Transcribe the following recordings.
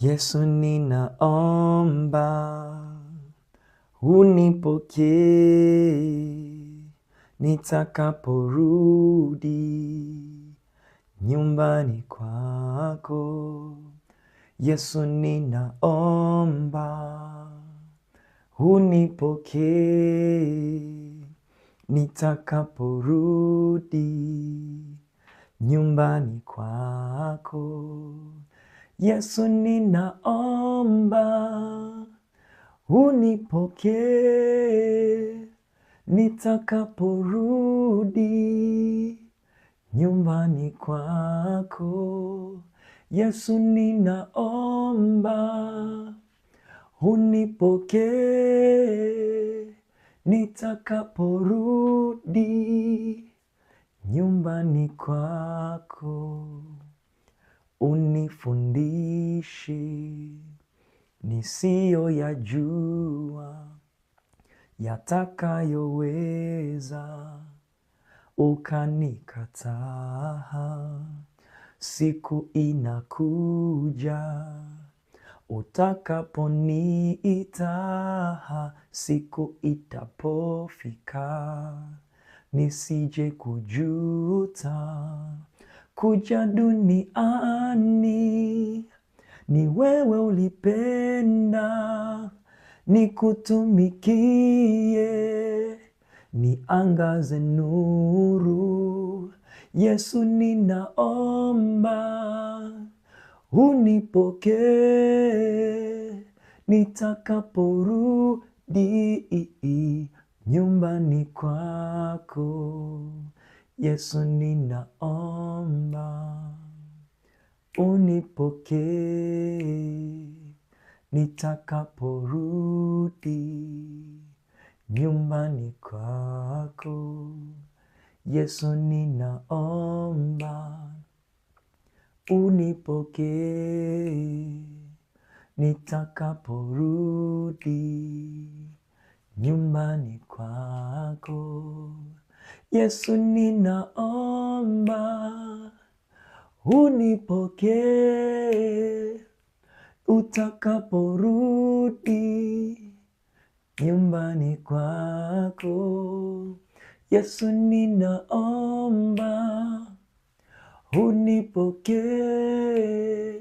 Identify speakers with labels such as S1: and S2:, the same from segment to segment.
S1: Yesu ninaomba unipokee nitakaporudi nyumbani kwako. Yesu ninaomba unipokee nitakaporudi nyumbani kwako. Yesu ninaomba unipokee nitakaporudi nyumbani kwako. Yesu ninaomba unipokee nitakaporudi nyumbani kwako unifundishe nisiyoyajua yatakayoweza ukanikataa. Siku inakuja utakaponiita, siku itapofika nisije kujuta kuja duniani, ni wewe ulipenda nikutumikie, niangaze nuru. Yesu, ninaomba unipokee nitakaporudi nyumbani kwako. Yesu ninaomba unipokee nitakaporudi nyumbani kwako. Yesu ninaomba unipokee nitakaporudi nyumbani kwako. Yesu ninaomba unipokee, utakaporudi nyumbani kwako. Yesu ninaomba unipokee,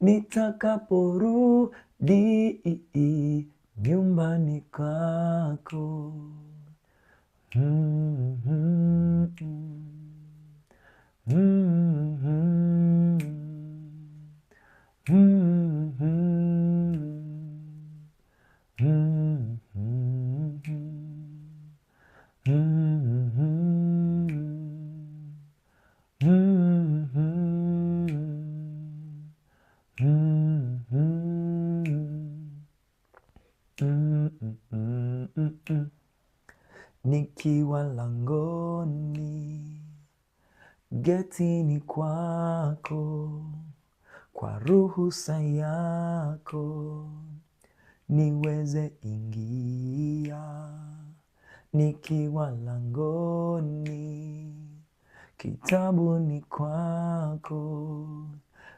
S1: nitakaporudi nyumbani kwako. Mm-hmm. Mm-hmm. mm-hmm. nikiwa langoni getini kwako kwa ruhusa yako niweze ingia nikiwa langoni kitabu ni kwako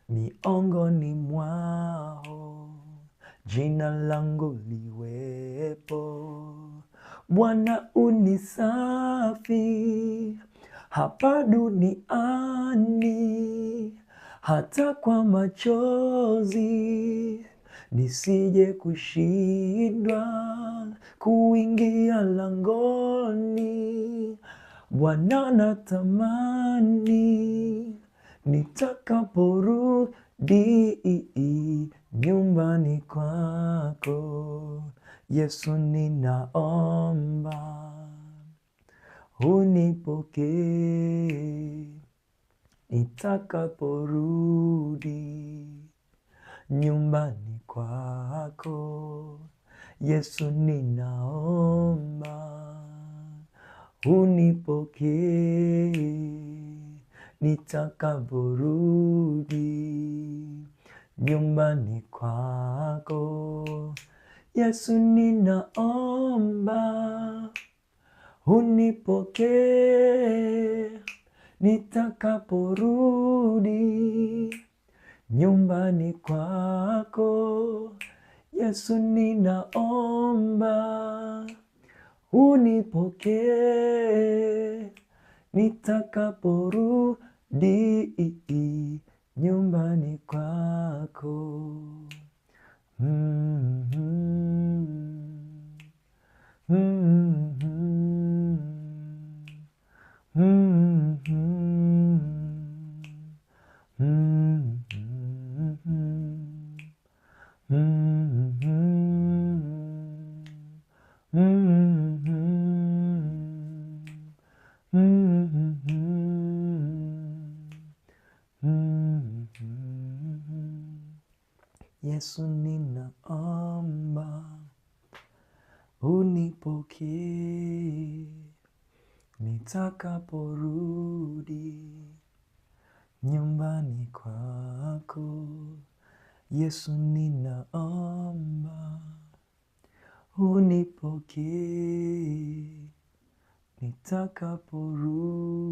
S1: miongoni mwao jina langu liwepo Bwana unisafi hapa duniani, hata kwa machozi nisije kushindwa kuingia langoni. Bwana natamani nitakaporudi nyumbani kwako Yesu ninaomba unipokee nitakaporudi nyumbani kwako. Yesu ninaomba unipokee nitakaporudi nyumbani kwako. Yesu ninaomba unipokee nitakaporudi nyumbani kwako. Yesu ninaomba unipokee nitakaporudi nyumbani kwako. Mm-hmm. Mm-hmm. mm-hmm. Yesu ninaomba unipokee nitakaporudi nyumbani kwako. Yesu ninaomba unipokee nitakaporudi.